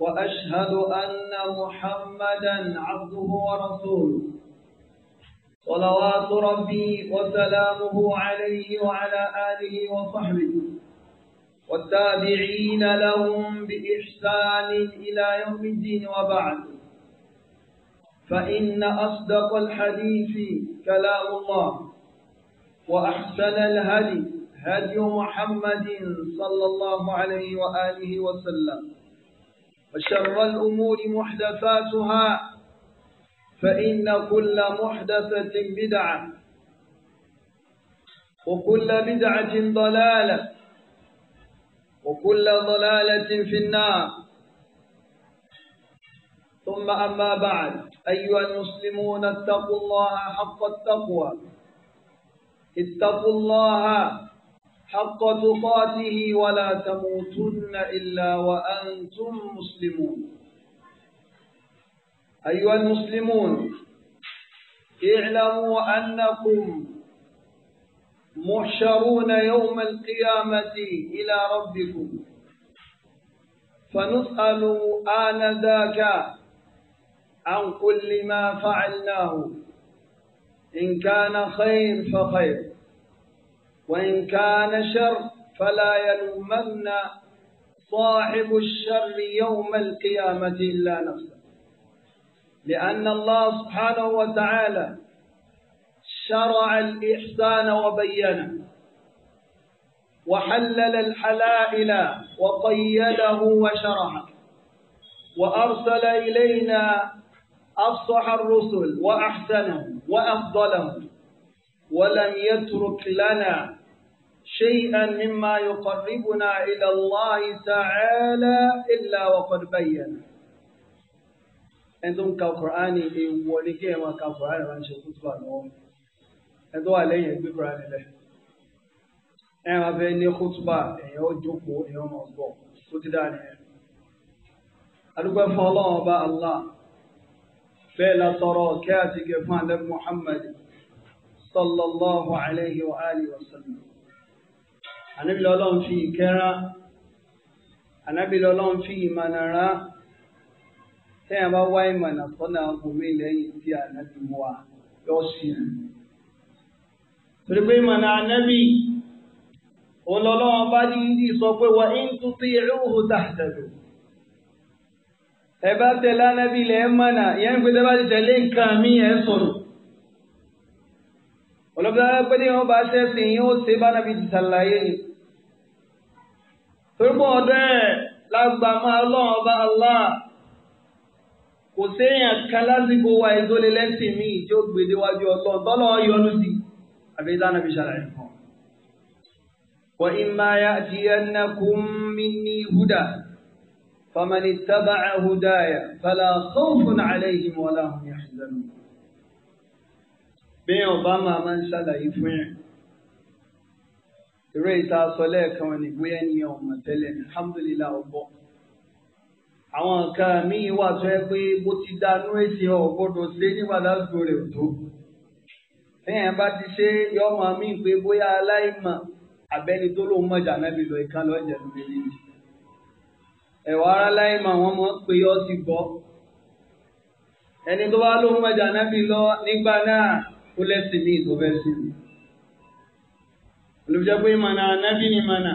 وأشهد أن محمدا عبده ورسوله صلوات ربي وسلامه عليه وعلى آله وصحبه والتابعين لهم بإحسان إلى يوم الدين وبعد فإن أصدق الحديث كلام الله وأحسن الهدي هدي محمد صلى الله عليه وآله وسلم وشر الأمور محدثاتها فإن كل محدثة بدعة وكل بدعة ضلالة وكل ضلالة في النار ثم أما بعد أيها المسلمون اتقوا الله حق التقوى اتقوا الله حق تقاته ولا تموتن إلا وأنتم مسلمون أيها المسلمون اعلموا أنكم محشرون يوم القيامة إلى ربكم فنسأل آنذاك عن كل ما فعلناه إن كان خير فخير وإن كان شر فلا يلومن صاحب الشر يوم القيامة إلا نفسه لأن الله سبحانه وتعالى شرع الإحسان وبينه وحلل الحلائل وقيده وشرعه وأرسل إلينا أفصح الرسل وأحسنهم وأفضلهم ولم يترك لنا شيئا مما يقربنا إلى الله تعالى إلا وقد بين ẹnitọ́n ka kùránì èèwọ̀ ni kí ẹ máa ka kùránì máa ń ṣe kútu àlọ́wọ́ ẹnitọ́ wà lẹ́yìn ẹgbẹ́ kùránì lẹ̀ ẹ máa fẹ́ ní kútùbà ẹ̀yàn ó jókòó ẹ̀yàn máa gbọ́ tó ti dáa nìyẹn. adúgbò fún ọlọ́run ọba allah bẹ́ẹ̀ la tọrọ kẹ́ àti kẹ́ fún alẹ́ muhammad sallallahu alayhi wa alihi wa sallam ànábì lọ́lọ́run fi ìkẹ́rán ànábì lọ́lọ́run fi ìmọ̀nà rán tẹ́yìn bá wá ìmọ̀nà fọ́nà ọkùnrin lẹ́yìn tí ànábì mú wa yọ sí i. torí pé ìmọ̀nà ànábì òun lọ́lọ́run bá ní ní sọ pé wà ń tún tí ìrúhù tàdàdù. ẹ bá tẹ̀lé ànábì lẹ́ẹ̀ mọ̀nà ìyẹn ń pè bá ti tẹ̀lé nǹkan mi ẹ̀ sọ̀rọ̀ ọlọ́gbẹ́dẹ́ pé ní wọ́n bá ṣẹ́sìn yóò ṣe bá nàbí ti ṣàlàyé ni torípò ọ̀dọ̀ ẹ̀ lágbà máa lọ́wọ́ ọba Allah kò séèyàn kan lásìkò wa ìdólé lẹ́sìn míì tí ó gbèdé wájú ọlọ́run tọ́lọ́ yọnu sí àbẹ́sà náà fi ṣàlàyé fún ọ. wa imma ya'tiyannakum minni huda faman ittaba'a hudaya fala khawfun alayhim wala hum yahzanun. bẹ́ẹ̀ ọba máa máa ń ṣàlàyé fún yẹn eré ìta sọ lẹ́ẹ̀kan ní bóyá ní ọmọ tẹ́lẹ̀ alhamdulilayi ọgbọ́ àwọn nǹkan míì wà tó yẹ pé bó ti dánú èsì ọ̀gbọ́dọ̀ ṣe nígbà lásìkò rẹ̀ tó fẹ́yìn bá ti ṣe yọmọ míì pé bóyá aláìmọ̀ abẹ́ni tó lóun mọ̀jà nábì lọ ìkan lọ́jẹ̀ lórí yìí ẹ̀wọ̀ ara láìmọ̀ wọn mọ̀ pé ó ti gbọ́ ẹni tó bá lóun mọ̀jà nábì lọ nígbà náà ó lẹ́sìn míì tó olùjẹ́ pé ìmọ̀nà anábì ni ìmọ̀nà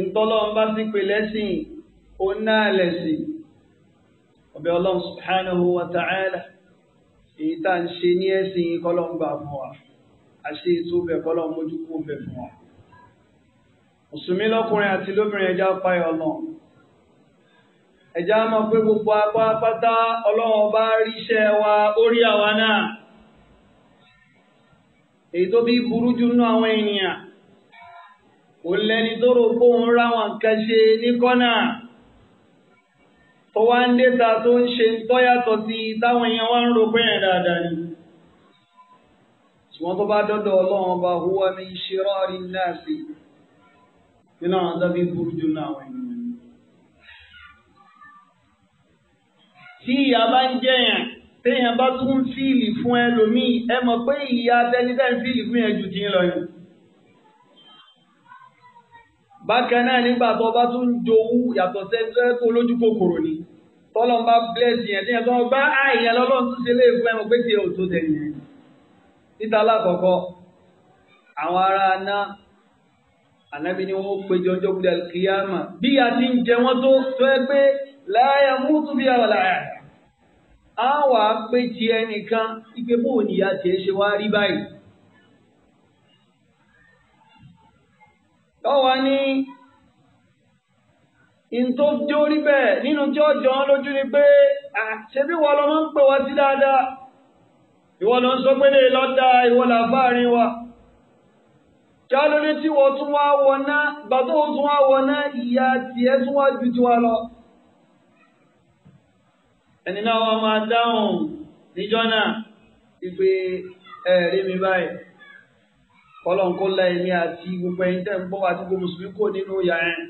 ìtọ́lọ́ bá sì pè lẹ́sìn òun náà lẹ́sìn ọbẹ̀ ọlọ́run subhanahu wa ta'ala èyí tá à ń ṣe ní ẹ̀sìn kọ́lọ́ ń gbà fún wa àṣe ètò bẹ̀ kọ́lọ́ mójú kó bẹ̀ fún wa mùsùlùmí lọ́kùnrin àti lóbìnrin ẹja payọ̀ náà ẹja máa pé gbogbo apá pátá ọlọ́run bá ríṣẹ́ wa ó rí àwa náà èyí tó bí burú jù nú àwọn ènìyàn kò lẹ́ni tó rò pé òun ráwọn nǹkan ṣe ní kọ́nà tó wá ń déta tó ń ṣe tọ́yàtọ̀ sí táwọn èèyàn wá ń ro pé yẹn dáadáa ni. ṣùgbọ́n tó bá dọ́dọ̀ ọlọ́run ọba huwa min shirari nnasi nínú àwọn tó bí burú jù nú àwọn ènìyàn. tí ìyá bá ń jẹyàn téèyàn bá tún fíìlì fún ẹlòmíì ẹ mọ̀ pé ìyá tẹnitẹ́ ń fíìlì fún yẹn ju ti ń lọ yẹn. bákan náà nígbà tó bá tún jowú yàtọ̀ sẹ́ńtẹ́ tó lójú kòkòrò ni tọ́lọ́ bá bílẹ̀sì yẹn téèyàn tó ń bá àìyẹn ah, lọ́lọ́run tún ṣe lé ẹ mọ̀ pé tiẹ̀ ò tó tẹ̀ yẹn. títa alákọ̀ọ́kọ́ àwọn ará aná ànábi ni wọ́n péjọ ọjọ́ kúlẹ̀ kíyàmà bí a ti ń jẹ wọ́n tó tó ẹ pé láyà mútu bí a wà láyà á wà á pé ti ẹnìkan ipe bó nìyá tiẹ̀ ṣe wá rí báyìí. tọ́wọ́ ní ìntò dórí bẹ́ẹ̀ nínú tí ọjọ́ lójú ni pé àṣebí wọ́n lọ́mọ ń pè wá sí dáadáa ìwọ ló ń sọ pé lè lọ da ìwọ làbáàrin wa kí á lórí tí wọ́n tún wá wọ̀ náà gbàtọ́ tún wá wọ̀ náà ìyá tiẹ̀ tún wá ju tiwa lọ ẹni náà wọ́n máa dáhùn níjọ́ náà ìpè ẹ̀rí mi báyìí kọlọ́nkó la èmi àti gbogbo ẹ̀yin tẹ́ ń bọ̀ àti gbogbo mùsùlùmí kò nínú ìyá yẹn.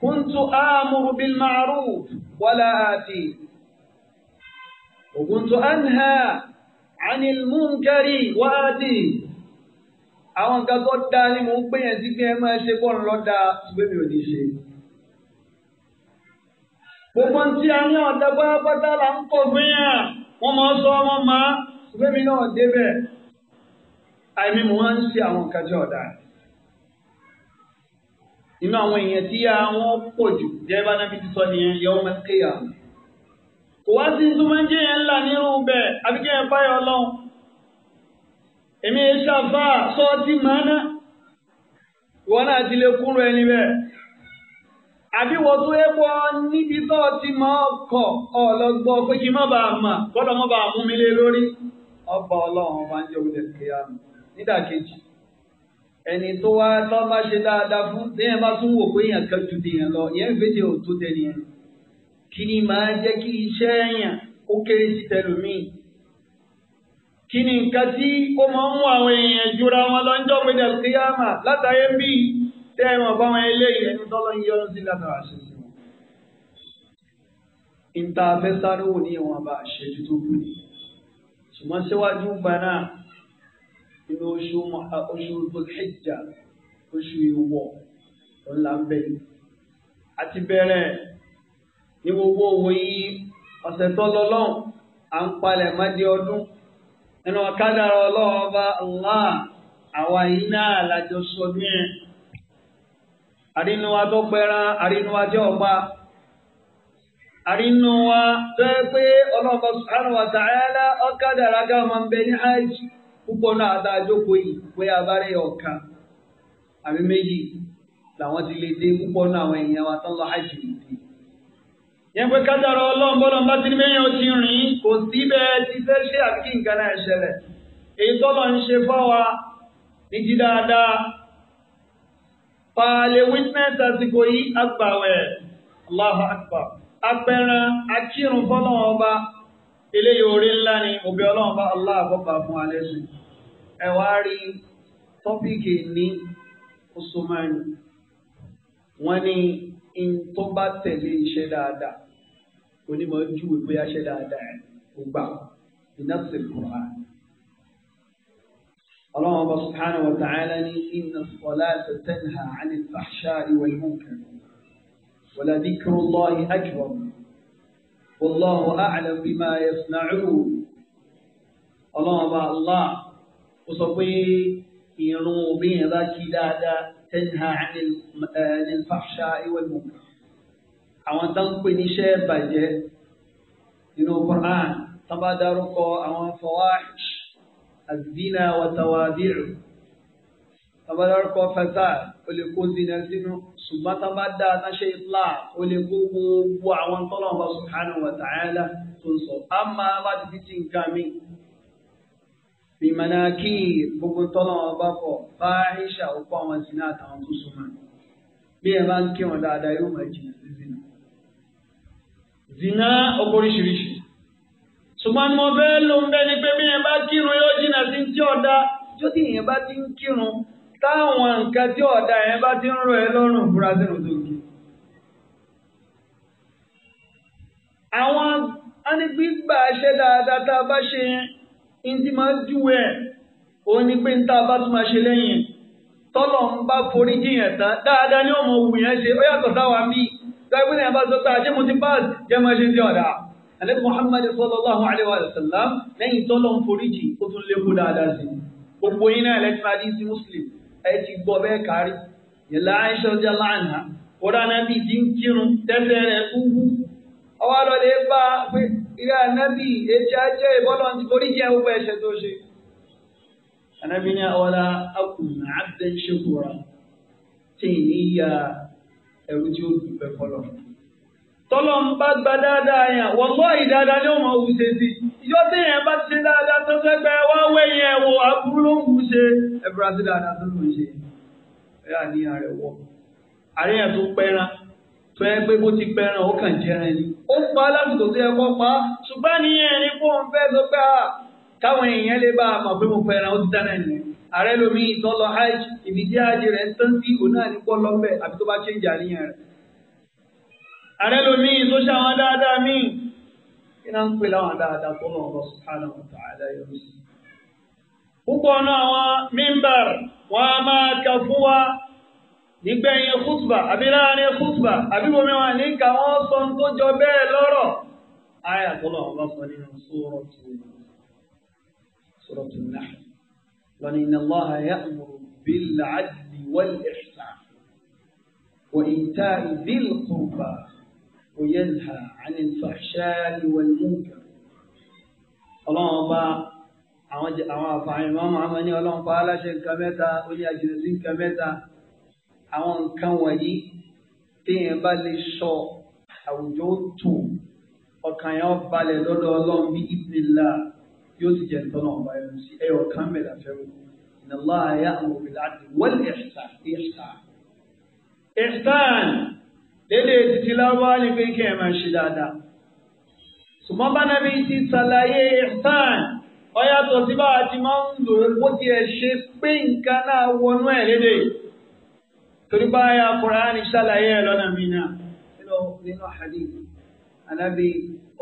kuntu amuru bil ma'ruf wala ati kuntu anha anil munkari wa ati àwọn nǹkan tó dáa ni mò ń pè yẹn ẹ máa ṣe kọ́ ń lọ́dà ṣùgbọ́n mi ò ní ṣe gbogbo ntí a ní ọ̀dà pátápátá là ń kọ̀ fún yà wọ́n máa sọ wọ́n máa gbẹ́mí náà débẹ̀ àìmí mo máa ń ṣe àwọn nǹkan tí ọ̀dà inú àwọn èèyàn tí a wọ́n pọ̀ jù jẹ́ náà fi ti sọ nìyẹn yọ ọmọ kéèyà kò wá sí tó ń jẹ́ yẹn ńlá nínú bẹ́ẹ̀ àbí kí yẹn ọlọ́run èmi ṣàfà sọ́ọ́ tí màá ìwọ náà ti lè kúrò ẹni bẹ́ẹ̀ àbí wọ́n tó yẹ kó níbi tó ti mọ́ kọ̀ ọ̀lọ́gbọ́ pé kí n má bàa mà kọ́dọ̀ má bàa mú mi lé lórí ọba ọlọ́run máa ń jẹ́ olè kéya nídàkejì ẹni tó wá lọ́ bá ṣe dáadáa fún téèyàn bá tún wò pé èèyàn kan ju tèèyàn lọ ìyẹn ìgbésẹ̀ ò tó tẹ̀lé yẹn kí ni máa jẹ́ kí iṣẹ́ èèyàn ó kéré sí tẹlòmíì kí ni nǹkan tí ó máa ń mú àwọn èèyàn jura wọn lọ́jọ́ pé dàkíyàmà látàyé bíi tẹ́wọ̀n bá wọn eléyìí ẹni tọ́lọ́ yí ọdún sí látara ṣe sí wọn. ìta afẹ́sáré wò ní ìwọ̀n bá ṣẹ́jú tó kù ní. ṣùgbọ́n síwájú gba náà inú oṣù oṣù bòkẹ́jà oṣù ìwọ̀ ńlá ń bẹ̀. àti bẹ̀rẹ̀ ní gbogbo òwò yìí ọ̀sẹ̀ tó lọ́hùn à ń palẹ̀ má ọdún. nínú ọ̀kadà ọlọ́wọ́ bá ńlá àwa yìí náà lájọ sọdún yẹn. àrínú wa tó pẹran àrínú wa jẹ́ ọ̀pá àrínú wa tó yẹ pé ọlọ́ọ̀bọ subhanahu wa ta'ala ọ̀kadàrà ká máa ń bẹ ní hajj púpọ̀ náà tá yìí bóyá abárẹ́ ọ̀kan àbí méjì làwọn ti lè dé púpọ̀ náà àwọn èèyàn wa lọ hajj yẹn pé bá ti fààlẹ̀ witness àsìkò yìí àgbàwẹ̀ Allahu Akbar apẹran akírun fọlọ́wọ́n ọba eléyìí orí ńlá ni òbí ọlọ́wọ́n bá Allah àbọ̀bà fún alẹ́ sí ẹ wá rí tọ́pìkì ní osomani wọ́n ní in tó bá tẹ̀lé iṣẹ́ dáadáa onímọ̀ ju ìgbéyàṣẹ́ dáadáa gbogbo ìnáṣẹ́ kùrán ọlọ́run ọba subhanahu wa ta'ala ní inna salata tanha 'anil fahsha'i wal munkar wala dhikrullahi akbar wallahu a'lam bima yasna'un ọlọ́run ọba allah ó sọ pé ìrun obìnrin bá kí dáadáa tanha 'anil fahsha'i wal munkar àwọn tó ń pè níṣẹ́ bàjẹ́ nínú Qur'an tó bá dárúkọ àwọn fawahish azina watawabiru tabarọ́kọ fasad o lè kó zina sínú ṣùgbọ́n tá a bá dá a ṣe ilá o lè kó gbogbo àwọn tọ́lọ̀ ọba subhanahu wa ta'ala tó ń sọ a máa bá ti ti nǹkan mi bimanaki gbogbo tọ́lọ̀ ọba kọ bá aisha òkú zina àtàwọn tó súnmọ́ bí ẹ bá ń kí wọn dáadáa yóò máa jìnnà zina zina ṣùgbọ́n ni mo fẹ́ ló ń bẹ́ ni pé bí yẹn bá kírun yóò jìnnà sí tí ọ̀dà tó ti yẹn bá ti ń kírun táwọn nǹkan tí ọ̀dà yẹn bá ti ń rọ ẹ lọ́rùn fúra sínú tó àwọn anigbígbà ṣe dáadáa tá a bá ṣe yẹn ní máa júwe ẹ̀ òun ni pé níta bá tún máa ṣe lẹ́yìn tọ́lọ̀ ń bá forí jiyàn tán dáadáa ni ó mọ òwú yẹn ṣe ó yàtọ̀ sáwa mí láìpẹ́ náà bá sọ pé àjẹmọ́ ti pass jẹ́ máa ṣe ń di ọ̀dà ànábì muhammad sallallahu alayhi wa sallam lẹ́yìn tọ́lọ́ ń foríjì ó tún lékún dáadáa sí i gbogbo yín náà lẹ́tí máa dín sí muslim ẹ ti gbọ́ bẹ́ẹ̀ kárí yẹlẹ aisha ọjà láàánà kódà nábì ti ń kírun tẹ́fẹ́ rẹ̀ kúkú ọwọ́ àlọ́lẹ̀ bá pé ilé ànábì ètí ajé ìbọ́lọ̀ ti foríjì ẹ̀ gbogbo ẹ̀ṣẹ̀ tó ṣe. ànábì ní ọ̀la akùnà abdul shakura ní ya ẹrú tí ó dùn bẹ́ẹ̀ kọ́ lọ́rùn tọ́lọ́ ń bá gba dáadáa yẹn wọ́lọ́ ìdáadáa ni ó mọ̀ wù ṣe sí ìjọ tí yẹn bá ṣe dáadáa tó fẹ́ pẹ́ wá wé yẹn wò aburú ló ń wù ṣe ẹ̀bùrà sí dáadáa tó lò ṣe ẹ̀ àní ààrẹ wọ̀ ààrẹ yẹn tó pẹ́ran tó yẹ pé bó ti pẹ́ran ó kàn jẹran ni ó pa alábùtò tó yẹ kó pa ṣùgbọ́n níyẹn ni kó ń fẹ́ sọ pé káwọn èèyàn lè bá a mọ̀ pé mo pẹ́ran ó ti dáná nìyẹn ààrẹ lomi ìtọ́lọ hajj ìbí jẹ́ hajj ń tán sí òun náà ní pọ́ lọ́bẹ̀ àbí tó bá ṣe ń jà níyẹn rẹ̀ أرلومي زوجة ولا دامي إنهم كلا ولا دامون الله سبحانه وتعالى يرزق وقنا ومنبر وما كفوا نبين خطبة أبينا خطبة أبي بومي وانك أصلا تجوب لورا آية الله الله سبحانه سورة سورة النحل وإن الله يأمر بالعدل والإحسان وإيتاء ذي القربى وينهى عن الفحشاء والمنكر اللهم با àwọn àfààní máa máa máa ní ọlọ́run pa aláṣẹ nǹkan mẹ́ta ó ní àjùlọ sí nǹkan mẹ́ta àwọn nǹkan wọ̀nyí téèyàn bá lè sọ àwùjọ tó ọkàn yẹn balẹ̀ lọ́dọ̀ ọlọ́run bí ìpínlẹ̀ yóò sì jẹ́ ìtọ́nà ọba ẹ̀rọ sí ẹ̀yọ̀ kan mẹ́ta fẹ́ràn ìnáwó àyà àwọn òbí láti wọ́n ẹ̀ṣà ẹ̀ṣà ẹ̀ṣà lédè títí lábọ́ ni pé kí ẹ máa ṣe dáadáa. ṣùgbọ́n bá nàbí ti ṣàlàyé ihsan ọ̀yàtọ̀ tí bá a ti máa ń lò ó ti ẹ̀ ṣe pé nǹkan náà wọnú ẹ̀ lédè. torí bá a yà Kùránì ṣàlàyé ẹ̀ lọ́nà mi náà nínú nínú hadith anábì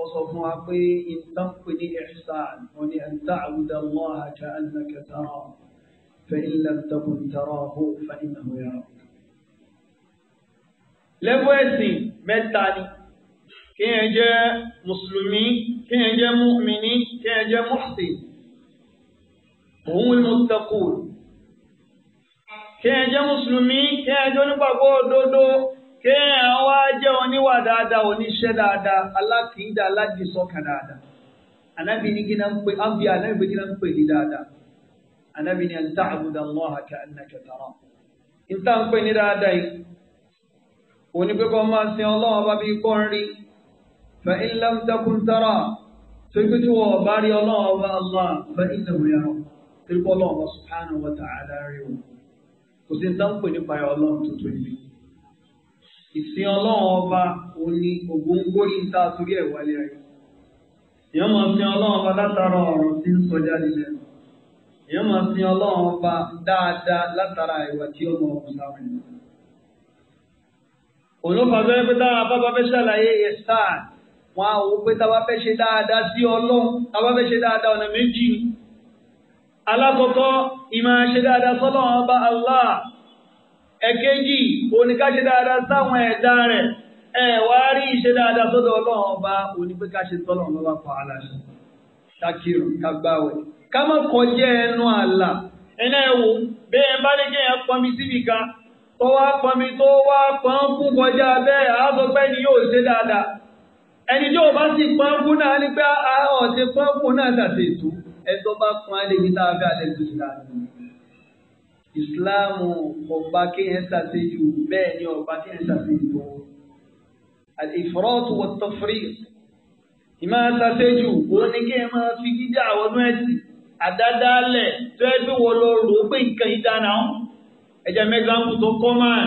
ó fún wa pé nǹkan pè ní ihsan wọn ni an ta'buda Allaha ka'annaka tarahu fa in lam takun tarahu fa innahu yarahu lẹ́fọ́ ẹ̀sìn mẹ́ta ni kéèyàn jẹ́ mùsùlùmí kéèyàn jẹ́ mùmíní kéèyàn jẹ́ muhsin òun muttaqun kéèyàn jẹ́ mùsùlùmí kéèyàn jẹ́ onígbàgbọ́ òdodo kéèyàn wá jẹ́ oníwà dáadáa oníṣẹ́ dáadáa alákìídá aládìsọ́kà dáadáa anábì ní gíná ń pè ábí anábì pé gíná ń pè ní dáadáa anábì ní an ta'budallaha ka'annaka tarahu ń tà ń pè ní dáadáa yìí òní pé kọ́ máa sin ọlọ́run bá bí kọ́ ń rí fa in lam takun tara tó ibi tí wọ́n bá rí ọlọ́run bá Allah fa innahu yara torí pé ọlọ́run bá subhanahu wa ta'ala rí wọn kò sí dáńpé nípa ọlọ́run tó tó ìsìn ọlọ́run ọba òní ògóńgó yìí tá torí ẹ̀ wálé ayé èèyàn máa sin ọlọ́run ọba látara ọ̀rọ̀ tí ń sọ jáde lẹ́nu máa sin ọlọ́run ọba dáadáa látara ìwà tí ọmọ ọkùnrin olófà fẹ́ pé táwọn abábá fẹ́ ṣàlàyé ẹ̀sán wọn àwọn pé táwa fẹ́ ṣe dáadáa sí ọlọ́run táwa fẹ́ ṣe dáadáa ọ̀nà méjì ni. alákọ̀ọ́kọ́ ìmọ̀ ṣe dáadáa sọ́lọ́run ọba Allah ẹ̀kejì oníká ṣe dáadáa sáwọn ẹ̀dá rẹ̀ ẹ̀ wá rí ìṣe dáadáa sọ́dọ̀ ọlọ́run ọba onípẹ́ká ṣe sọ́lọ́run ọba pa ara ṣe kákìrù kágbáwẹ̀ ká má kọjá ẹnu àlà ẹ̀ná tó wá pọnmi tó wá pọn kún kọjá bẹ́ẹ̀ àásọpẹ́ ni yóò ṣe dáadáa ẹni tí o bá sì pọn kún náà ni pé ọ̀sẹ̀ pọn kún náà tàṣe ètò ẹ̀tọ́ bá pọn alẹ́bí tá a fẹ́ alẹ́bí ìlànà ìsìláàmù ọba kéèyàn ṣàṣejù bẹ́ẹ̀ ni ọba kéèyàn ṣàṣejù tó ìfọ́rọ́tù wọ́tọ́fírí ìmọ̀ ṣàṣejù ó ní kéèyàn máa fi gíga àwọn ẹ̀sìn àdádálẹ̀ tó ẹgbẹ́ ẹ̀jẹ̀ mẹ́gbàmù tó kọ́ máa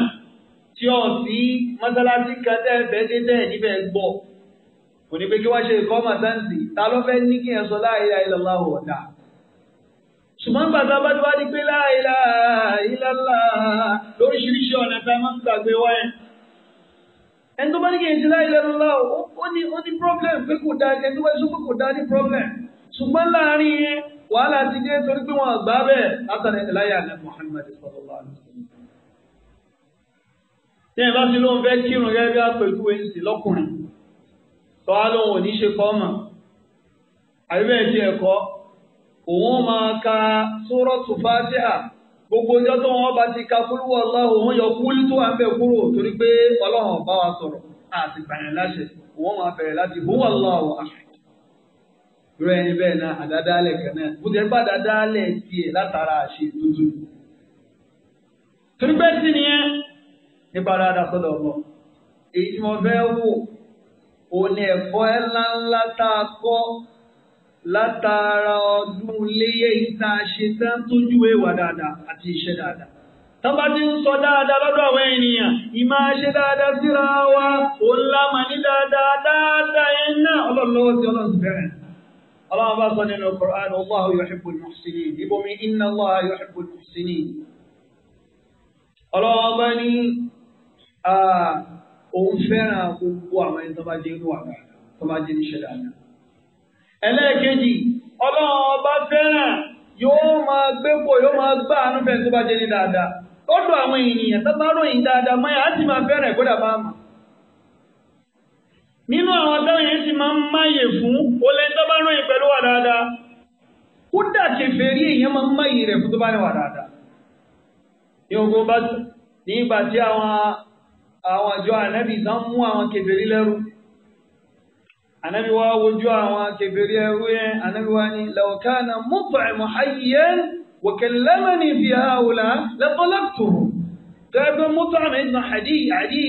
tí ọ̀ sí mọ́sálásí kan tẹ́ ẹ fẹ́ dé bẹ́ẹ̀ níbẹ̀ gbọ́ kò ní pé kí wọ́n ṣe ìkọ́ màtáǹtì ta ló fẹ́ ní kí ẹ sọ la ilaha illallah ọ̀dà ṣùgbọ́n gbàtà bá ti wá di pé la ilaha lóríṣiríṣi ọ̀nà tá a máa ń gbàgbé wáyé ẹni tó bá ní kí ẹ ti la ilaha illallah ó ní problem pé kò dá ẹni tó bá sọ pé kò dá ní problem ṣùgbọ́n láàárín wàhálà ti dé torí pé wọ́n àgbà bẹ́ẹ̀ látàrí ẹ̀láyà ní Muhammad sallallahu alaihi wasallam tí ẹ bá ti lóun fẹ́ kírun gẹ́gẹ́ bí àpèjúwe ń sì lọ́kùnrin tó á lóun ò ní ṣe kọ́ mọ̀ àbíbẹ̀ ti ẹ̀kọ́ òun máa ka sórọ́tù fásíà gbogbo ọjọ́ tó wọn bá ti ka kúlú ọlọ́run òun yọ kúlú tó wà ń bẹ̀ kúrò torí pé ọlọ́run bá wa sọ̀rọ̀ àti gbàyàn láṣẹ òun máa bẹ̀rẹ̀ láti bó wà lọ́wọ́ àṣẹ. irú ẹni bẹ́ẹ̀ náà àdádálẹ̀ kan náà bó tẹ́ bá àdádálẹ̀ tiẹ̀ látara àṣẹ tuntun. torí bẹ́ẹ̀ sì nìyẹn nípa dáadáa sọ́dọ̀ ọmọ èyí tí mo fẹ́ wò òun ni ẹ̀kọ́ ẹ̀ ńláńlá tá a kọ́ látara ọdún léyé ìta ṣe tán tójú ìwà dáadáa àti iṣẹ́ dáadáa. Tọ́ba ti ń sọ dáadáa lọ́dọ̀ àwọn ènìyàn, ìmọ̀ ṣe dáadáa síra wa, òun lámà ní dáadáa dáadáa yẹn náà. Ọlọ́run lọ́wọ́ sí ọlọ́run bẹ̀rẹ̀. Ọlọ́run bá sọ nínú Qur'an, Allahu yuhibbul muhsinin, ibomi inna Allaha yuhibbul muhsinin. Ọlọ́run bá ní òun fẹ́ràn gbogbo àwọn ẹni tó bá jẹ́ inú àgbà tó bá jẹ́ níṣẹ́ dáadáa. ẹlẹ́ẹ̀kejì ọlọ́run ọba fẹ́ràn yóò máa gbépò yóò máa gbá àánú fẹ́ tó bá jẹ́ ní dáadáa lọ́dọ̀ àwọn ènìyàn tó bá ròyìn dáadáa mọ́ ẹ̀ á sì máa fẹ́ràn ẹ̀gbọ́dà bá mọ̀. nínú àwọn táwọn yẹn ti máa ń máyè fún olè tó bá ròyìn pẹ̀lú wà dáadáa kódà kèfèrí èèyàn máa ń máyè rẹ̀ fún tó bá ní wà dáadáa àwọn àjọ ànábì tán mú àwọn kèfèrí lẹ́rú ànábì wa wojú àwọn kèfèrí ẹrú yẹn ànábì wa ní law kana mut'imu hayyan wa kallamani fi haula latalaqtuhu tẹ́gbẹ́ mut'im ibn àdí àdí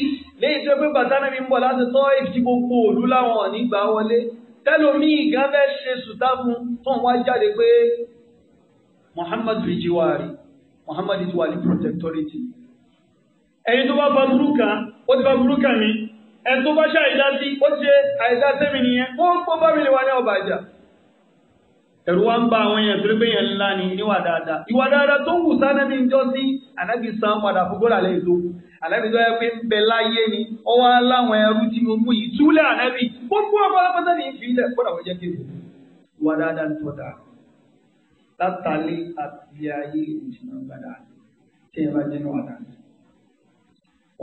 lẹ́yìn tó gbé bàtà náà mi ń bọ̀ láti tọ́ èkìtì gbogbo òlu láwọn ò gbà wọlé tẹlomiin gan fẹ́ ṣe sùtá fún tóun wá jáde pé Muhammad rijiwari tó bá bá burú kan ó ti bá burúkú mi ẹ̀ tó bá ṣe àìdá sí ó ti ṣe àìdá sẹ́mi nìyẹn ó ń pọ́ bábìlì wa ní ọba àjà. ẹ̀rù wa ń ba àwọn èèyàn torí pé yẹn ńlá ni níwà dáadáa ìwà dáadáa tó ń wù sánẹ́bí ń jọ sí ànábì san padà fún bọ́lá lẹ́yìn tó ànábì tó yẹ pé ń bẹ láyé ni ó wá láwọn ẹrú tí mo mú yìí túlẹ̀ ànábì gbogbo ọ̀pọ̀lọpọ̀tà ní ń tọ́ta látàlẹ́ àti ayé ìjìnà gbàdá bá jẹ́ níwà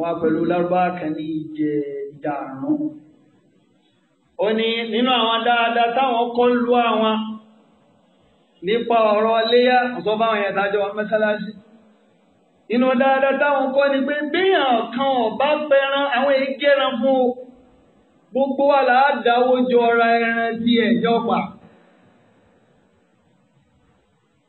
wọ́n pẹ̀lú lárúbá kan ní ìjẹ ìdààrún. ó ní nínú àwọn dáadáa táwọn kọ́ lu àwọn nípa ọ̀rọ̀ léyà ọ̀sọ́ báwọn yẹn dájọ́ mẹ́sálásí. nínú dáadáa táwọn kọ́ ni pé béèyàn kan ò bá pẹran àwọn èyí gẹ́ran fún o gbogbo wa là á dáwọ́ jọ ra ẹran tí ẹ̀jọ́ pa.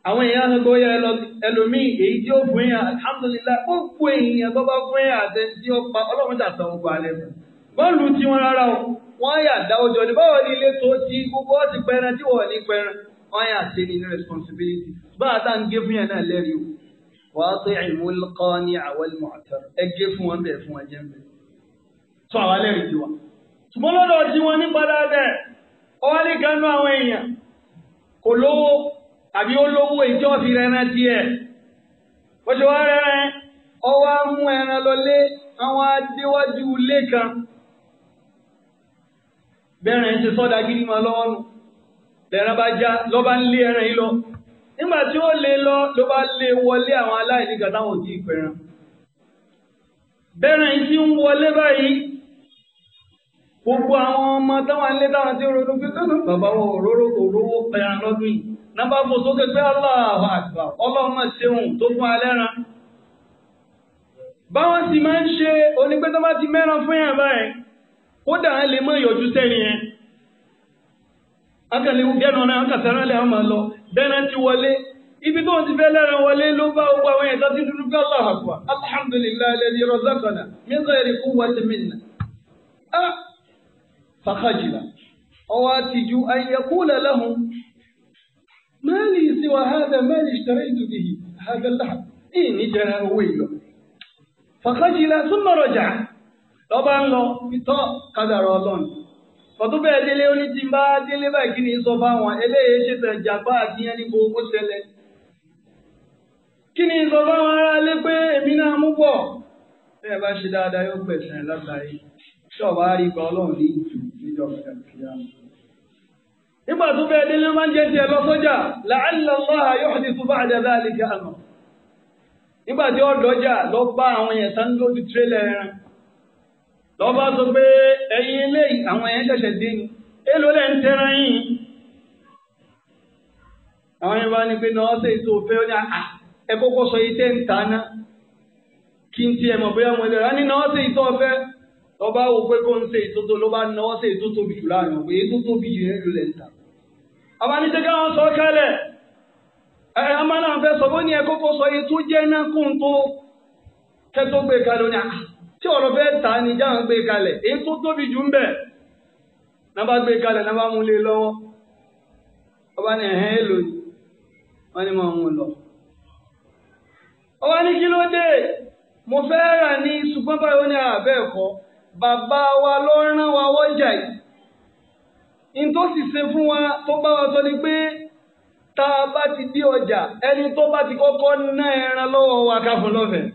àwọn èèyàn ló gbóyè lọ sí ẹlòmíì èyí tí ó fún yàn alhamdulilayi gbogbo èèyàn tó bá fún yàn àti tí ó pa ọlọ́run jà sàn gbogbo alẹ́ fún wọ́n lu tiwọn rárá o wọ́n yà dá ojọ́ ní báwo ni ilé tó ti gbogbo ọtí pẹran tí wọ́n ní pẹran wọ́n yà ṣe ní responsibility báwa tá ń gé fún yàn náà lẹ́rìí o wà á tó ìmú kọ́ ní àwọn mọ̀ọ́tà ẹ gé fún wọn bẹ̀ fún wọn jẹ́ tàbí olówó lówó ìjọ fi rẹran díẹ̀ ó ti rẹran ọwọ́ á mú ẹran lọlé àwọn adéwájú ilé kan bẹ́ẹ̀rẹ̀ ń ṣe sọ́dà gidi nù bá já lé ẹran yìí lọ nígbà tí ó lé lọ ló bá lé wọlé àwọn aláìní gàdá wọn Bẹrẹ ti ń wọlé báyìí gbogbo àwọn ọmọ táwọn táwọn ti ronú pé bàbá wọn pẹran nàbà fò sókè pé Allahu Akbar ọlọ́run máa ṣeun tó fún alẹ́ ran báwọn sì máa ń ṣe onípẹ́ tó bá ti mẹ́ràn fún yàn báyìí kódà á lè mọ ìyọjú sẹ́ni yẹn akẹ́lẹ́ bí ẹnu ọ̀nà akàtàrà lẹ́yìn máa lọ bẹ́ẹ̀ náà ti wọlé ibi tó ń ti fẹ́ lẹ́ran wọlé ló bá gbogbo àwọn ẹ̀dá tí dúdú bí Allahu Akbar ọwọ́ àtijú ah! an yaqula ما لي سوى هذا ما اشتريت به هذا اللحم إني جرى ويله فخجل ثم رجع lọ́ba ń lọ ìtọ́ kádàrá ọlọ́run ọdún bẹ́ẹ̀ délé ó ní tí n bá délé báyìí kí ni sọ fáwọn eléyìí ṣe tẹ̀ jàmbá àkíyàn ní gbogbo ṣẹlẹ̀ kí ni sọ fáwọn ará lé pé èmi náà mú bọ̀ bẹ́ẹ̀ bá ṣe dáadáa yóò gbẹ̀sẹ̀ látàrí ṣọ́ọ̀bù àrígbà ọlọ́run ní ìtù níjọba kàkiri àná nígbà tó bẹ́ẹ̀ délé máa ń jẹ́ tiẹ̀ lọ sọ́jà la'alla Allaha yuhdithu ba'da dhalika amra nígbà tí ó dọ́jà lọ bá àwọn yẹn tán lójú tirẹ́lẹ̀ ẹran lọ bá sọ pé ẹ̀yin eléyìí àwọn yẹn ṣẹ̀ṣẹ̀ dé ni èlò lẹ́ ń tẹ́ran yìí àwọn yẹn bá ní pé náà ṣe ètò òfẹ́ ó ní àà ah, ah, ẹ kọ́kọ́ sọ yìí tẹ́ ń ta kí n tiẹ̀ mọ̀ bóyá mo lè rà náà ṣe ètò ọ̀fẹ́ lọ wò pé kó ń ṣe ètò tó ló náà ṣe ètò tóbi jù láàrin òpè ètò tóbi jù yẹn ló àwa ní jẹ́ káwọn sọ kálẹ̀ ẹ ẹ máa náà fẹ́ sọ bó ní ẹ kókó sọ yìí tó jẹ́ náà kún tó kẹ́tó gbé kalẹ̀ ní àná tí ọ̀rọ̀ fẹ́ ta ni jáwọn gbé kalẹ̀ èyí tó tóbi jù ń bẹ̀ náà bá gbé kalẹ̀ náà bá mú lé lọ́wọ́ ọba ní ẹ̀hẹ́ èlò ni wọ́n ní máa mú lọ. ọba ní kí ló dé mo fẹ́ rà ní ṣùgbọ́n báyìí ní àbẹ́ ẹ̀kọ́ bàbá wa ló rán wa wọ́jà yìí n tó sì ṣe fún wa tó bá wa sọ ni pé tá a bá ti dé ọjà ẹni tó bá ti kọ́kọ́ ná ẹran lọ́wọ́ wa ká fún lọ́fẹ̀ẹ́.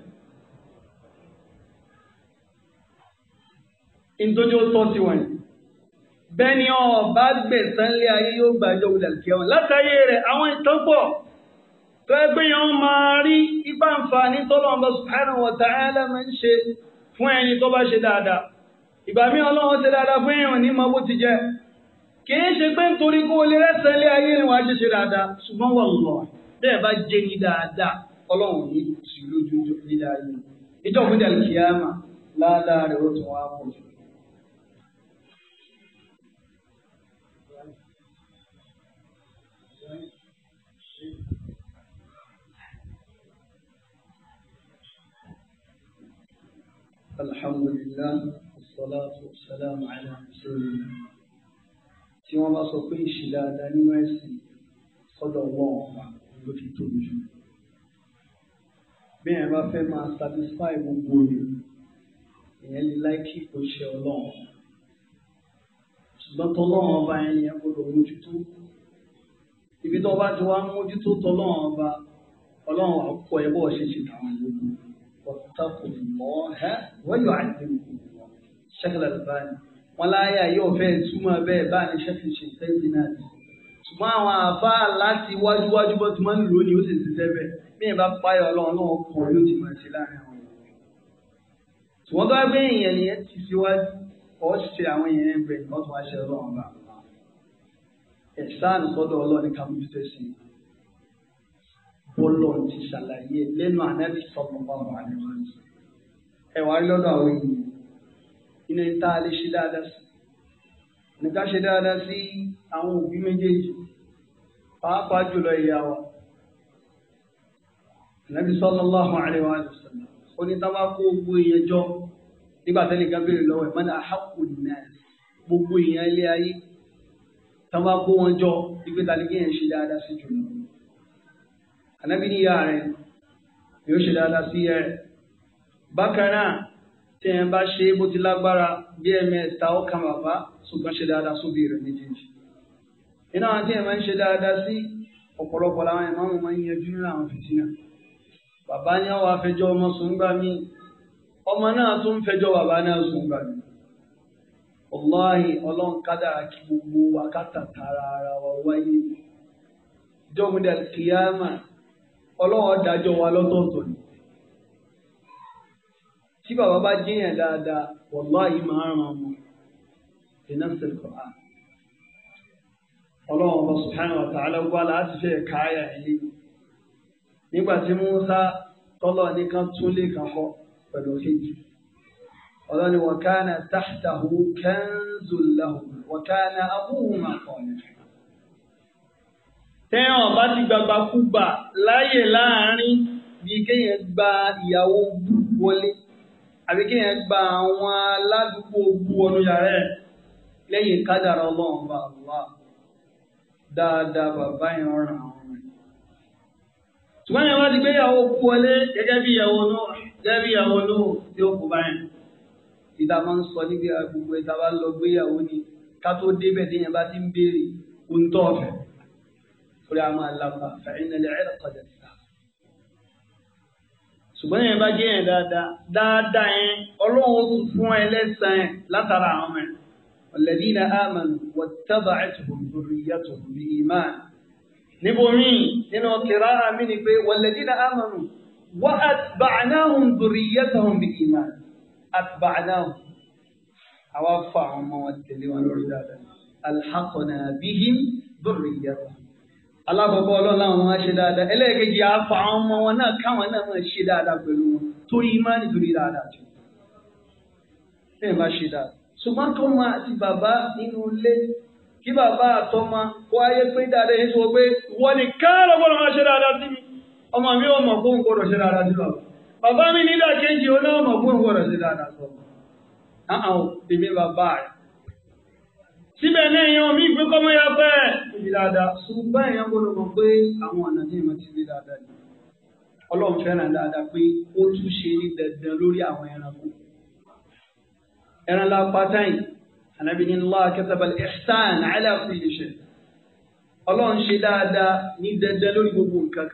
ìtọ́jú tọ́ sí wọn bẹ́ẹ̀ ọba gbẹ̀sán lé ayé yóò gbàjọ wulẹ̀ kí wọn látàyè rẹ̀ àwọn ìtàn pọ̀ tó ẹgbẹ́ yẹn wọ́n máa rí ipa nfààní tọ́lọ́ ọba subhanahu wa ta'ala máa ń ṣe fún ẹni tó bá ṣe dáadáa ìgbà míì ọlọ́run ṣe dáadáa fún èèyàn ní mọ bó ti jẹ́ kìí ṣe pé nítorí kó o lè rẹ́sẹ̀ ilé ayé ni wàá ṣe dáadáa ṣùgbọ́n wà lọ bẹ́ẹ̀ bá jẹ́ ní dáadáa ọlọ́run ní sí lójú nílé ayé ìjọ òkúta kìámà ládàá rẹ̀ ó tún wá pọ̀ jù. الحمد لله والصلاة والسلام على رسول الله tí wọ́n bá sọ pé ìṣe dáadáa nínú ẹ̀sìn sọ́dọ̀ wọn ọ̀pá ló fi tóbi jù. bí èèyàn bá fẹ́ máa satisfy gbogbo rẹ̀ èèyàn lè láìkí kò ṣe ọlọ́run ṣùgbọ́n tọ́lọ́run ọba yẹn yẹn gbọ́dọ̀ mójútó ibi tó bá ti wá mójútó tọ́lọ́run ọba ọlọ́run àkọ ẹ̀ bọ́ ṣe ṣe tàwọn yòókù ọ̀tàkùn mọ́ ẹ́ wọ́n yóò àdéhùn ṣẹ́kẹ̀lẹ̀ báyìí wọn láyà yóò fẹ́ túmọ̀ bẹ́ẹ̀ bá ní ṣẹ́fì ṣe sẹ́yìn náà ni. ṣùgbọ́n àwọn àbá láti wájúwájú bó ti máa ń lò ní ó sì ti sẹ́bẹ̀ bí ìbá páyọ̀ ọlọ́run náà kọ̀ yóò ti máa ṣe láàrin àwọn èèyàn. ṣùgbọ́n tó bá gbé èèyàn nìyẹn ti síwájú ọ̀ ṣe àwọn èèyàn ẹgbẹ́ ìmọ̀ tó wá ṣe ọlọ́run bá. ẹ̀sán sọ́dọ̀ ọlọ́run ká mú fífẹ́ sí i. bọ́lọ̀ ti ṣàlàyé lẹ́nu àná nínú tá a lè ṣe dáadáa sí nìka ṣe dáadáa sí àwọn òbí méjèèjì pàápàá jùlọ ìyá wa nàbí sallallahu alaihi wa sallam onítàbá kó gbogbo èèyàn jọ nígbà tẹ́lẹ̀ ká béèrè lọ́wọ́ ẹ̀ mọ́ni àhàkù náà gbogbo èèyàn ilé ayé tàbá kó wọn jọ ìgbé tàlíkì yẹn ṣe dáadáa sí jùlọ ànábì níyà rẹ yóò ṣe dáadáa sí ẹ bákan náà. tí ẹ bá ṣe bó ti lágbára bí ẹ̀mẹ́ta ó kan bàbá ṣùgbọ́n ṣe dáadáa sóbì rẹ̀ méjèèjì. iná àwọn tí ẹ máa ń ṣe dáadáa sí ọ̀pọ̀lọpọ̀ làwọn ẹ̀mọ́ máa ń nínú àwọn fìtínà. bàbá ní àwọn afẹjọ́ ọmọ sùn gbà mí ọmọ náà tún ń fẹjọ́ bàbá náà sùn gbà mí. tí bàbá bá jíyàn dáadáa wàláhì máa ràn wọn iná sèkò á. ọlọ́run ọba subhanahu wa ta'ala wà láti fẹ́ ẹ̀ka ayà yìí nígbà tí Musa tọ́lọ̀ nìkan tún lè kàn kọ́ pẹ̀lú kejì. ọlọ́run wa kana tahtahu kanzul lahum wa kana abuhuma salihan tẹ́wọ̀n bá ti gbagbakúgbà láyè láàrin bí kéèyàn gba ìyàwó wọlé àbí kí yẹn gba àwọn aládùúgbò bú ọdún yàrá ẹ̀ lẹ́yìn kádàrá ọlọ́run bá wà dáadáa bàbá yẹn ràn án rìn. ṣùgbọ́n yẹn wá ti gbéyàwó kú wọlé gẹ́gẹ́ bí ìyàwó náà gẹ́gẹ́ bí ìyàwó náà tí ó kú báyìí. ìdá máa ń sọ níbi gbogbo ìta bá lọ gbéyàwó ni ká tó débẹ̀ téèyàn bá ti ń béèrè ohun tó ọ̀fẹ́. torí a máa lábàá fẹ̀yìn náà ẹ̀rọ kọjá sí ṣùgbọ́n yẹn bá jẹ́ yẹn dáadáa dáadáa yẹn ọlọ́run ó tún fún ẹ lẹ́sàn-án látara àwọn ọmọ rẹ̀ alladhina amanu wattaba'athum dhurriyyatuhum bi iman. níbo míì nínú kìrá àmì ni pé walladhina amanu wa atba'nahum dhurriyyatuhum bi iman atba'nahum. àwa fa àwọn ọmọ wa tẹ̀lé wọn lórí dáadáa alhaqna bihim dhurriyyatuhum alákọ̀ọ́kọ́ ọlọ́run láwọn máa ṣe dáadáa ẹlẹ́ẹ̀kejì afa àwọn ọmọ wọn náà káwọn náà máa ṣe dáadáa pẹ̀lú wọn torí imáàni torí dáadáa tó bẹ́ẹ̀ bá ṣe dáadáa ṣùgbọ́n tó máa ti bàbá nínú ilé kí bàbá àtọ́mọ kó ayé pé dáadáa yẹn sọ pé wọ́n ní káàlọ́ gbọ́dọ̀ máa ṣe dáadáa sí mi ọmọ mi ò mọ̀ fóun gbọ́dọ̀ ṣe dáadáa sí bàbá bàbá mi nílà kejì ó náà mọ̀ fóun gbọ́dọ̀ ṣe dáadáa sọ síbẹ̀ náà èèyàn mi gbé kọ́mọ́ ya pẹ́ níbi dáadáa ṣùgbọ́n èèyàn gbọ́dọ̀ mọ̀ pé àwọn ọ̀nà tí èèyàn ti rí dáadáa ni ọlọ́run fẹ́ràn dáadáa pé ó tún ṣe ní dandan lórí àwọn ẹranko ẹran lápá táyì ànábì ní Allah kataba al-ihsan ala ọlọ́run ṣe dáadáa ní dandan lórí gbogbo nǹkan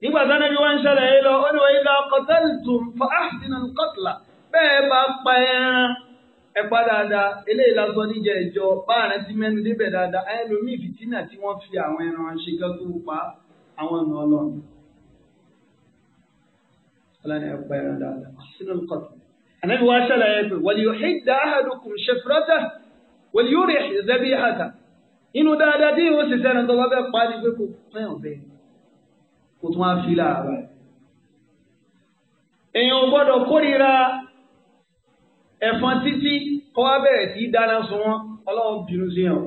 nígbà tí wá ń ṣàlàyé lọ ó ní wa idha qataltum ẹ pa dáadáa eléyìí lásán níjẹ ìjọ báàrin ti mẹ́nu débẹ̀ dáadáa ẹ lómi ìfìtínà tí wọ́n fi àwọn ẹran ṣe gan tó pa àwọn ọ̀nà ọlọ́run. ọlọ́run ẹ pa ẹran dáadáa sínú kọ́tù. ànábi wàá ṣàlàyé pé wal yuhidda ahadukum shafratahu wal yurih dhabihatahu. inú dáadáa tí yóò ṣe sẹ́nu tó bá fẹ́ pa á ní pé kò fẹ́ràn bẹ́ẹ̀ kò tún á fi láàárọ̀ ẹ̀fọn títí kọ́ wá bẹ̀rẹ̀ sí í dáná sun wọn ọlọ́run bínú sí yàn.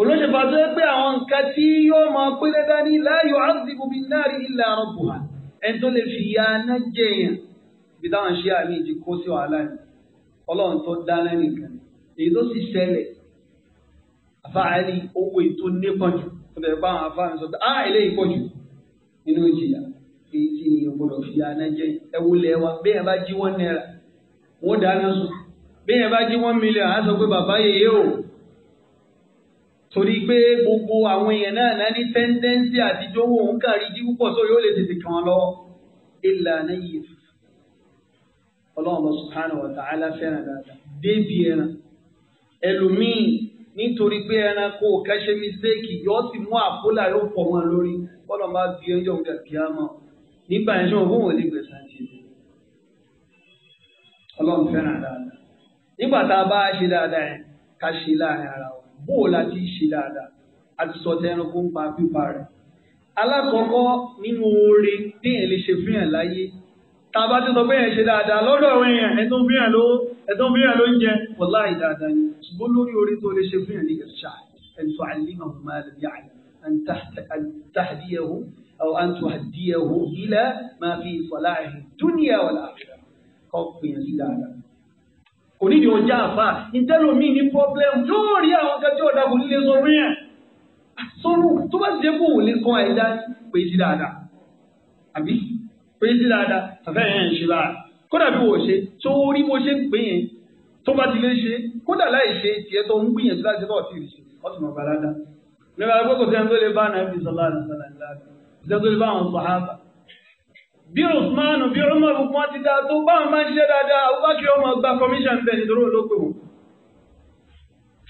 olóṣèfà tó yẹ pé àwọn nǹkan tí yóò máa pé dáadáa ní láàyò áàdìbò bíi náírà ilẹ̀ àrọ́bù wa ẹni tó lè fi ya aná jẹ èèyàn bí táwọn ṣe àmì ti kó sí wàhálà ni ọlọ́run tó dáná nìkan èyí tó sì ṣẹlẹ̀ àfáàní owó ètò nípọ̀jù tó bẹ̀rẹ̀ bá àwọn afáàní sọ pé á ah, eléyìí pọ̀jù nínú ìjìyà pé ni o gbọ́dọ̀ fi àná jẹ ẹ wulẹ̀ wa bí yẹn bá jí wọn náírà wọn dáná sùn bí yẹn bá jí wọn mílíọ̀n á sọ pé bàbá yèyé o torí pé gbogbo àwọn èèyàn náà náà ní àtijọ́ wo òun kàrí jí púpọ̀ sórí ó lè tètè kàn án lọ́wọ́ ìlànà yìí ọlọ́run subhanahu wa ta'ala fẹ́ràn dáadáa débi ẹran ẹlòmíì nítorí pé ẹran kó o kẹ́sẹ́ mistake yóò sì mú àpólà yóò pọ̀ mọ́ lórí bọ́lá máa bí ẹjọ́ ń gàkíyàmọ́ nígbà yẹn ṣé wọn fún òní gbèsè àti ìdílé ọlọ́run fẹ́ràn dáadáa nígbà tá a bá ṣe dáadáa yẹn ká ṣe láàrin ara wa bó o la ti ṣe dáadáa a ti sọ tẹnu kó ń pa pípa rẹ alákọ̀ọ́kọ́ nínú oore téèyàn lè ṣe fihàn láyé tá a bá ti sọ pé yẹn ṣe dáadáa lọ́dọ̀ àwọn èèyàn ẹ̀ tó ń fihàn lówó ẹ̀ tó ń fihàn lóúnjẹ wàláhì dáadáa ṣùgbọ́n lórí oore tó lè ṣe fihàn ní ẹ̀ṣà ẹ̀ tó àlímọ̀ mọ́ أو أن تهديه إلى ما في صلاح الدنيا والآخرة kọ́ gbìyànjú sí dáadáa. kò ní ìdíwọ̀n já àfa ìtẹ́lómi ní problem yóò rí àwọn kan tí ọ̀dà kò ní lè sọ̀rọ̀ yẹn. sọ̀rọ̀ tó bá ti dé kó wò lè kọ́ ẹ̀dá pé sí dáadáa. àbí pé sí dáadáa tàfẹ́ yẹn ń ṣe lára kódà bí wò ṣe tó rí bó ṣe ń pè yẹn tó bá ti lè ṣe kódà láì ṣe tiẹ̀ tó ń gbìyànjú láti bá ọ̀tí ìṣe ọ̀tún ọ̀bàládà. nígbà gbọ́dọ̀ tí wọ́n lè bá náà fi sọ ìdọ́gbẹ́lú báwọn sọ̀hábà bí Usman bí Umar gbogbo wọn ti dá tó báwọn máa ń ṣiṣẹ́ dáadáa Abubakar ọmọ gba commission bẹ́ẹ̀ nítorí olóògbé wọn.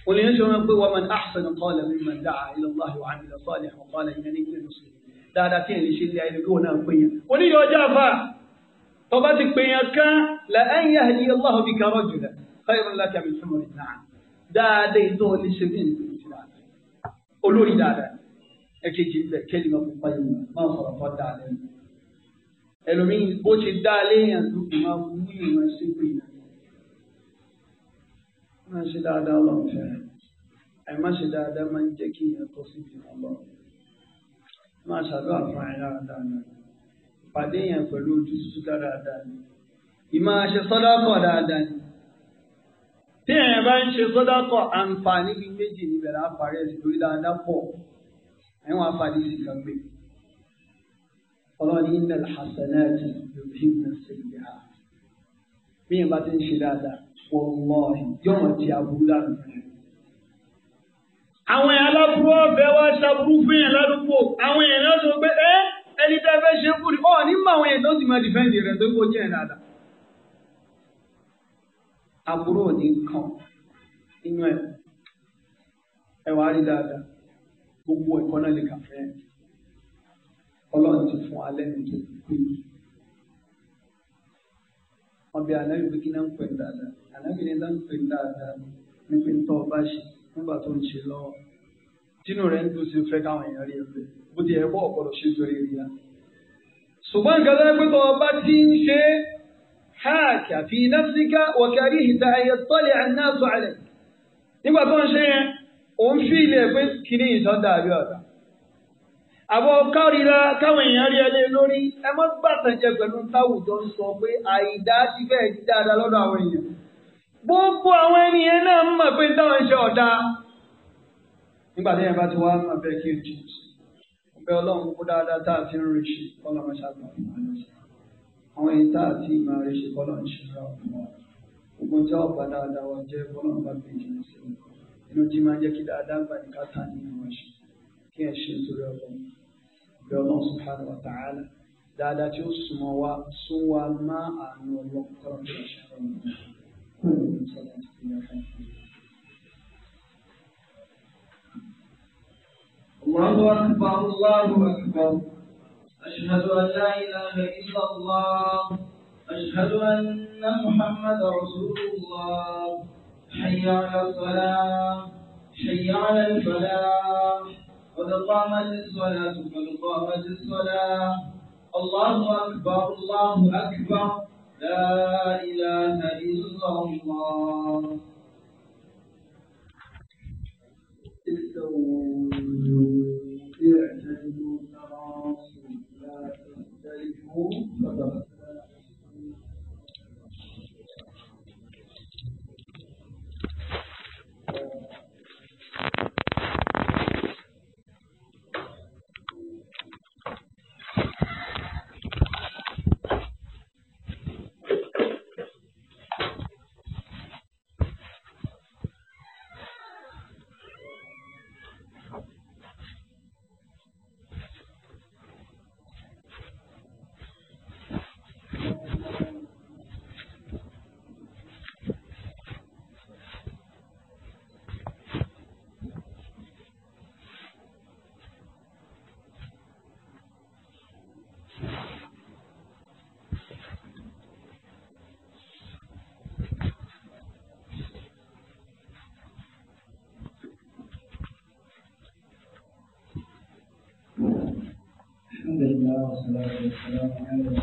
olùyẹn ṣe wọn pé wọn máa ń ahsan qala mimman da'a ila Allah wa 'amila salihan wa qala innani minal muslimin dáadáa tí èyí ṣe lé ayélujára kí wọn náà pè yẹn. oníyọ ọjà àfà tọba ti pè yẹn kán la an yahdi Allahu bika rajulan khayrun olórí dáadáa ẹ̀kejì ń bẹ̀ kẹ́lí máa fún pàdé máa sọ̀rọ̀ fọ́ dáa lẹ́nu. ẹlòmíì bó ṣe dá léèyàn tó kì máa fún wíyì máa ṣe pé ìyàwó. máa ṣe dáadáa ọlọ́run fẹ́ ẹ má ṣe dáadáa máa ń jẹ́ kí èèyàn tó sì bí wọn lọ. máa ṣàdó àfọ̀n ẹ̀ dáadáa ni pàdé èèyàn pẹ̀lú ojú tútù dáadáa ni. ìmọ̀ àṣẹ sọ́dákọ̀ dáadáa ni. tí èèyàn bá ń ṣe sọ́dákọ̀ àǹfààní bíi méjì níbẹ̀ láàpárẹ̀ sí dáadáa pọ̀ àwọn afáàdìsì kan gbé ọlọ́run ní innal hasanati yudhibna sayyi'at bí yẹn bá ti ń ṣe dáadáa wallahi yọ̀mọ̀ ti aburú dànù àwọn èèyàn aláburú ọbẹ̀ wá ṣàbúrú fún yẹn ládùúgbò àwọn èèyàn náà sọ pé ẹ ẹni tẹ́ fẹ́ ṣe fún mi ọ nígbà àwọn èèyàn tó sì máa dìfẹ́ǹdì rẹ̀ tó kó jẹ́ dáadáa. aburú ò ní kàn nínú ẹ ẹ wàá rí dáadáa gbogbo ẹ̀kọ́ náà lè kà fẹ́ ọlọ́run ti fún alẹ́ ní tó pé wọ́n bí anábì pé kí náà ń pè dáadáa anábì ní náà ń pè dáadáa ní pé ń tọ́ ọ bá ṣe nígbà tó ń ṣe lọ́wọ́ tínú rẹ̀ ń tó ṣe fẹ́ káwọn èèyàn rí ẹgbẹ́ bó ti ẹ̀kọ́ ọ̀pọ̀lọ̀ ṣe jọ èrè ya. ṣùgbọ́n nǹkan tó ń pè tọ́ bá ti ń ṣe háàkì àfi nafsika wa ò ń fi ilé pé kìíní ìtọ́ dàbí ọ̀dà àbọ̀ kárìíra káwọn èèyàn rí ẹlẹ́ lórí ẹ mọ́ gbàtànjẹ pẹ̀lú táwùjọ ń sọ pé àìdá ti fẹ́ẹ̀ di dáadáa lọ́dọ̀ àwọn èèyàn gbogbo àwọn ènìyàn náà mọ̀ pé táwọn ń ṣe ọ̀dà nígbà tí yẹn bá ti wá mọ̀ bẹ́ẹ̀ kí n jù ọbẹ̀ ọlọ́run kó dáadáa tá a ti ń rí ṣe kọ́lọ́ máa ṣàgbà àwọn èyí tá a ti máa rí ṣe kọ́lọ́ ń ṣe gbogbo tí ọ̀pá dáadáa wá jẹ́ kọ́lọ́ ń bá bèjì ní sílẹ̀. نجمانجا كده آدم بني كاتاني نواش كيشين سوريوكم بيوم سبحانه وتعالى داداتي سموا سوى ما أنو الله كرم شهرهم صلاة الله الله أكبر الله أكبر أشهد أن لا إله إلا الله أشهد أن محمد رسول الله حي على الصلاة حي على الفلاح قد قامت الصلاة قد قامت الصلاة الله أكبر الله أكبر لا إله إلا الله استووا اعتدلوا لا الله والصلاة والسلام على رسول الله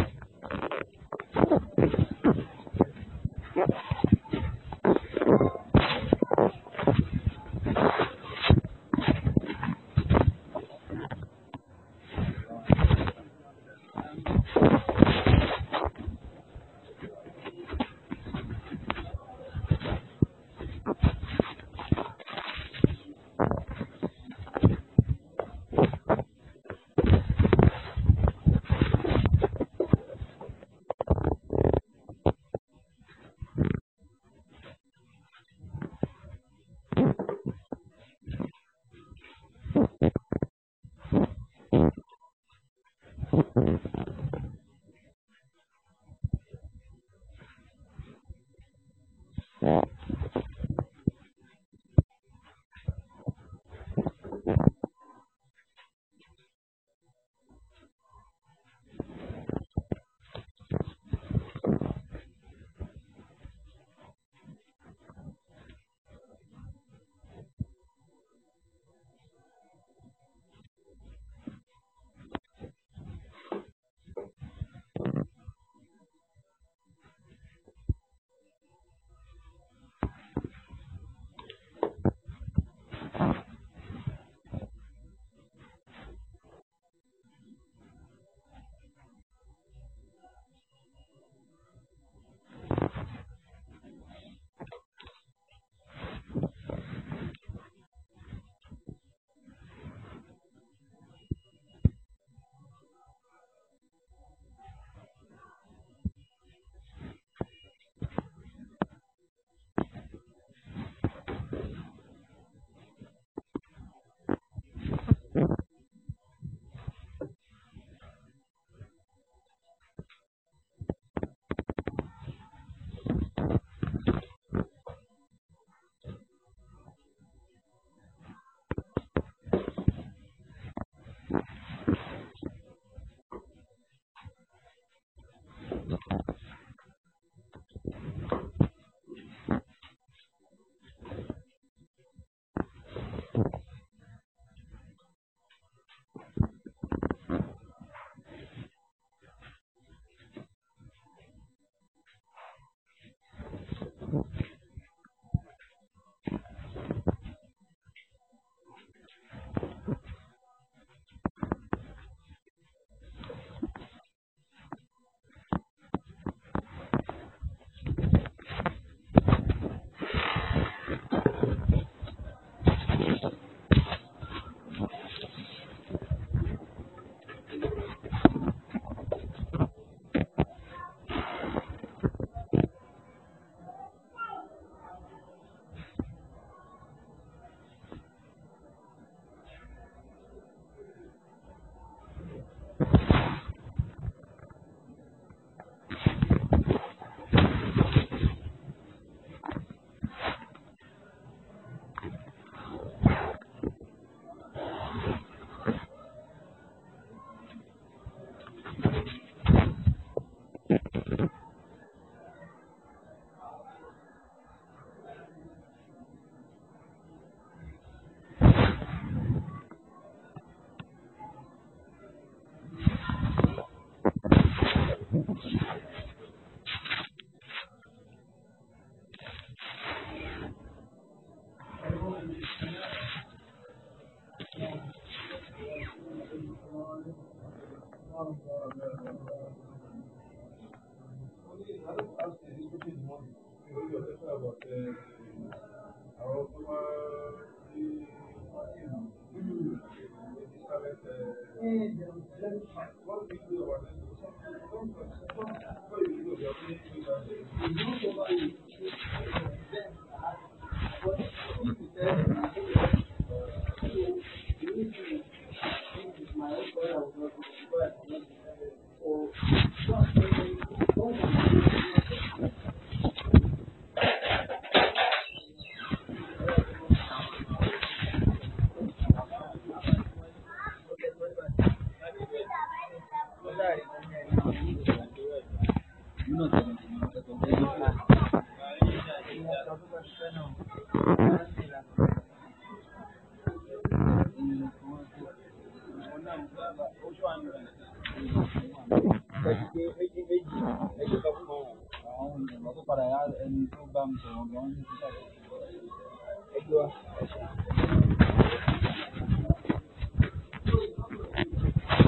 É,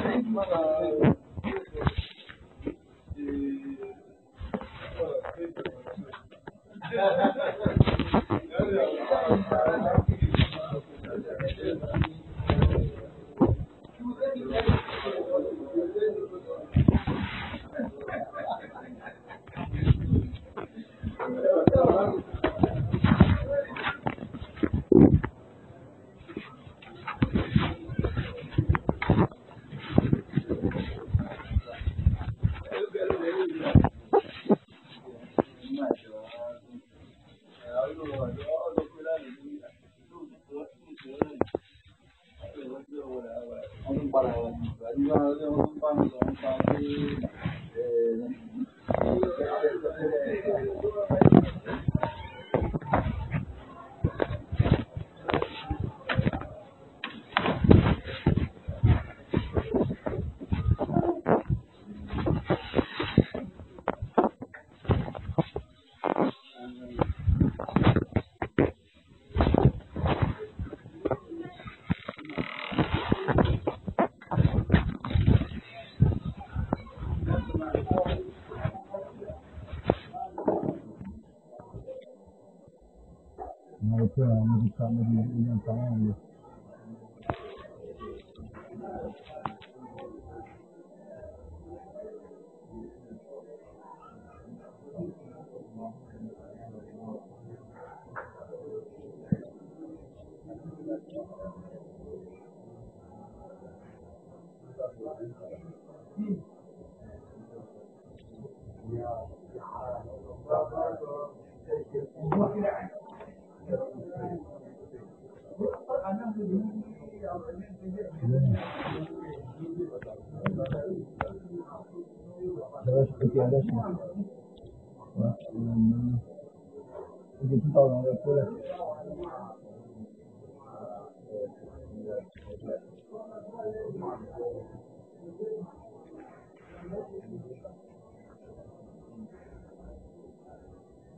Thank you. Thank Terus seperti ada kita orang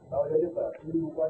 Kalau jadi ya, tak, ini bukan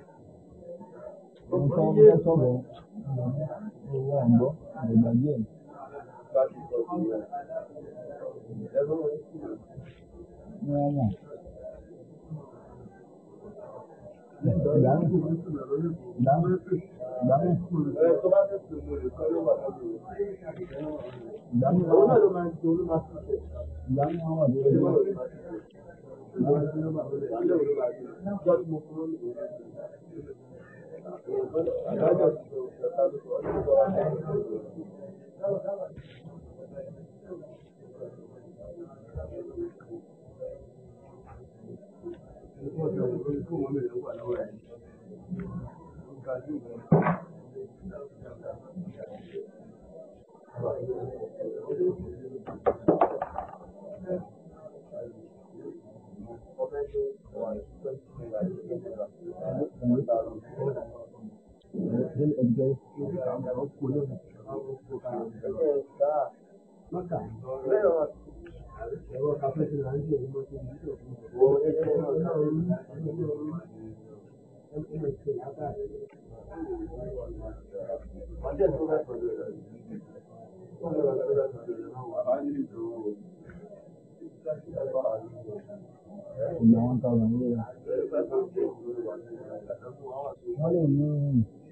ń tọ́ ń bẹ́ sọ̀rọ̀ owó 我们，大家就是单独说，说啊。这个桌子我们更没人管了，喂。干净吗？我们是往正对面来，这个，我们打路。Heel enjoy. Ìyá wọn ta ọ̀nà nílẹ̀.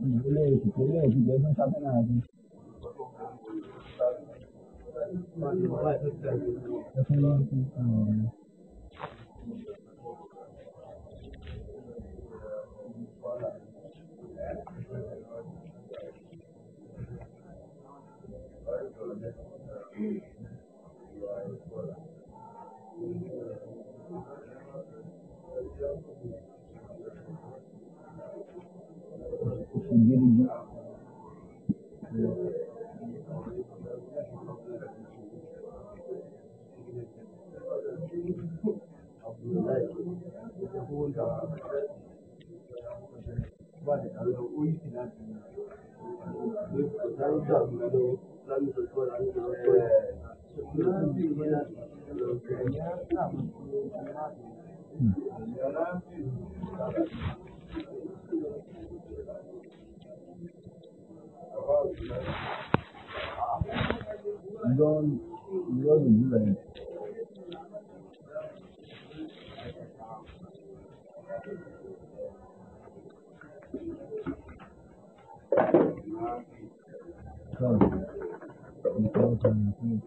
Beleza, beleza, Deus não sabe nada. Eu Thank you. Ìjọ́ ìlú rẹ̀. الأرحام فإن كنتم يقين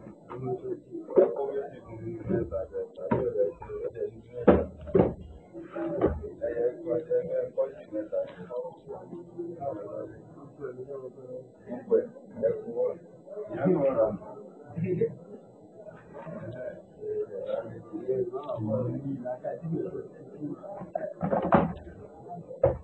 Thank you.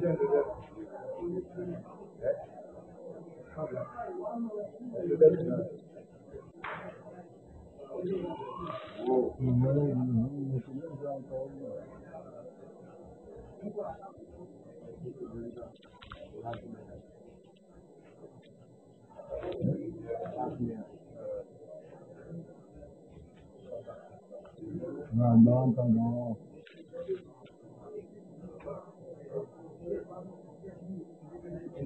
这样子的，哎，看着，就在里面。你们你们你们是不是要高一点？你过来，你过去一下，让他进来。那等等。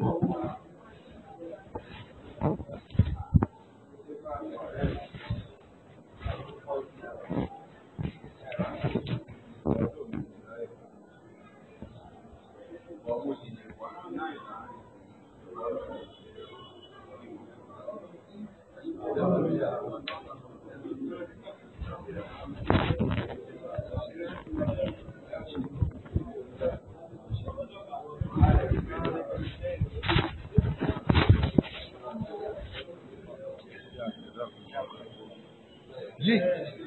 好啊。جی